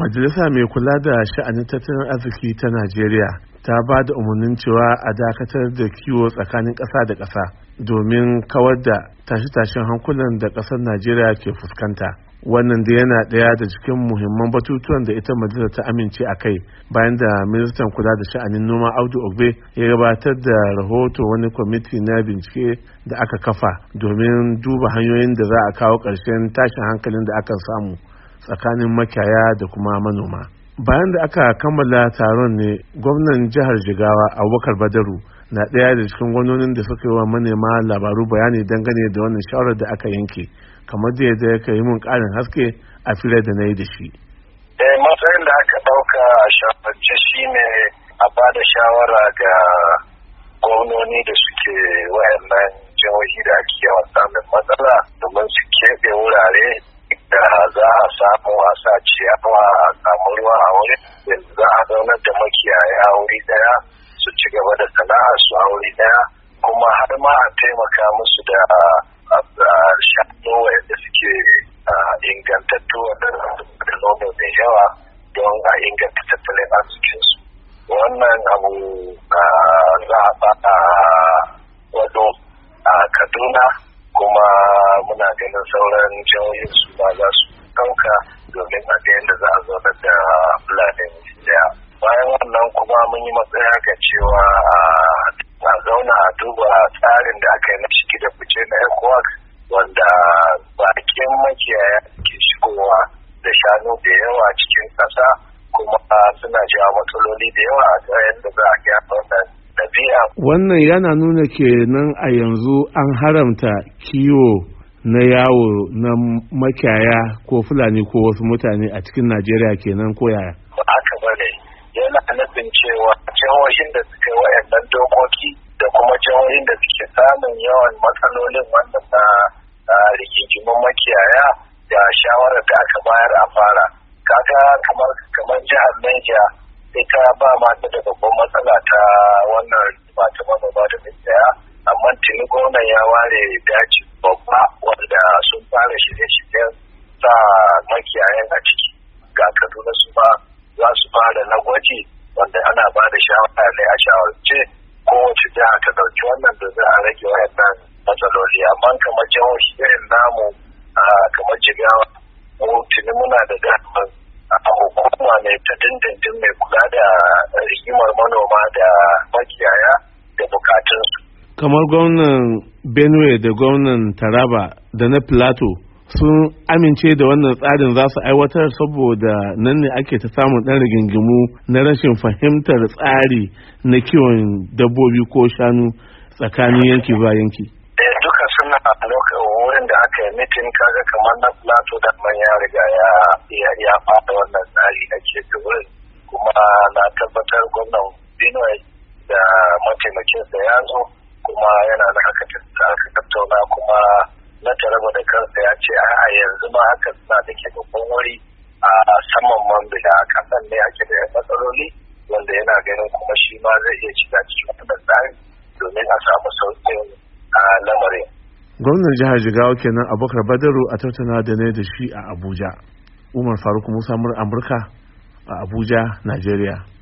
majalisa mai kula da sha'anin tattalin arziki ta najeriya ta ba da umarnin cewa a dakatar da kiwo tsakanin ƙasa da ƙasa domin kawar da tashe-tashen hankulan da ƙasar najeriya ke fuskanta wannan da yana ɗaya da cikin muhimman batutuwan da ita majalisa ta amince a kai bayan da ministan kula da sha'anin noma audu ogbe ya gabatar da rahoto wani kwamiti na bincike da aka kafa domin duba hanyoyin da za a kawo ƙarshen tashin hankalin da aka samu tsakanin makiyaya da kuma manoma bayan da aka kammala taron ne gwamnan jihar jigawa abubakar badaru na ɗaya da cikin gwamnonin da suka yi wa manema labaru bayani dangane da wannan shawarar da aka yanke kamar da yadda ya yi mun ƙarin haske a fira da na yi da shi eh, matsayin da aka ɗauka a shafarce shi ne a ba da shawara ga gwamnoni da suke wayannan jihohi da ake yawan samun matsala domin su keɓe wurare za a samu a sa ciyawa a samu ruwa a wurin yanzu za a zaunar da makiyaya a wuri daya su ci gaba da sana'a su a wuri daya kuma har ma a taimaka musu da shanu yadda suke ingantattu da nono mai yawa don a inganta tattalin arzikinsu wannan abu za a faɗa wado a kaduna kuma muna ganin sauran jihohin su ba za su ɗauka domin a ga yadda za a zo da fulanin da bayan wannan kuma mun yi matsaya ga cewa a zauna a duba tsarin da aka yi na shiki da fice na ecowas wanda bakin makiyaya ke shigowa da shanu da yawa cikin ƙasa kuma suna jawo matsaloli da yawa a yadda za a gyara wannan Wannan yana nuna kenan a yanzu an haramta kiwo na yawo na makiyaya ko fulani ko wasu mutane a cikin najeriya kenan ko yaya haka bane yana nufin cewa jihohin da suke wayannan dokoki da kuma jihohin da suke samun yawan matsalolin wannan na makiyaya da shawarar da aka bayar a fara kaga kamar kamar jihar Niger sai ka ba ma ta da babban matsala ta wannan rigima ta manoma da amma tuni gwamnan ya ware daji babba wanda sun fara shirye-shiryen sa makiyayen a ciki ga kaduna su ba za su fara na gwaji wanda ana ba da shawara ne a shawarce kowace jiha ta ɗauki wannan da za a rage wayannan matsaloli amma kamar jihohi irin namu kamar jigawa Mutuni muna da damar a hukuma ne ta dindindin mai kula da rigimar manoma da kamar gwamnan benue da gwamnan taraba da na plato sun amince da wannan tsarin za su aiwatar saboda nan ne ake ta samun ɗan rigingimu na rashin fahimtar tsari na kiwon dabbobi ko shanu tsakanin yanki ba yanki. Eh, duka suna wurin da aka yi mitin kaga kamar na plato da ya riga ya ya wannan tsari da ke kuma na tabbatar gwamnan benue da mataimakinsa ya zo kuma yana da haka aka tattauna kuma na taraba da kansa ya ce a yanzu ma haka suna da ke babban wuri a saman man bila kasan ne ake da matsaloli wanda yana ganin kuma shi ma zai iya shiga cikin wannan tsari domin a samu a lamarin. Gwamnan jihar Jigawa kenan Abubakar Badaru a tattauna da ne da shi a Abuja. Umar Faruk Musa Amurka a Abuja, Najeriya.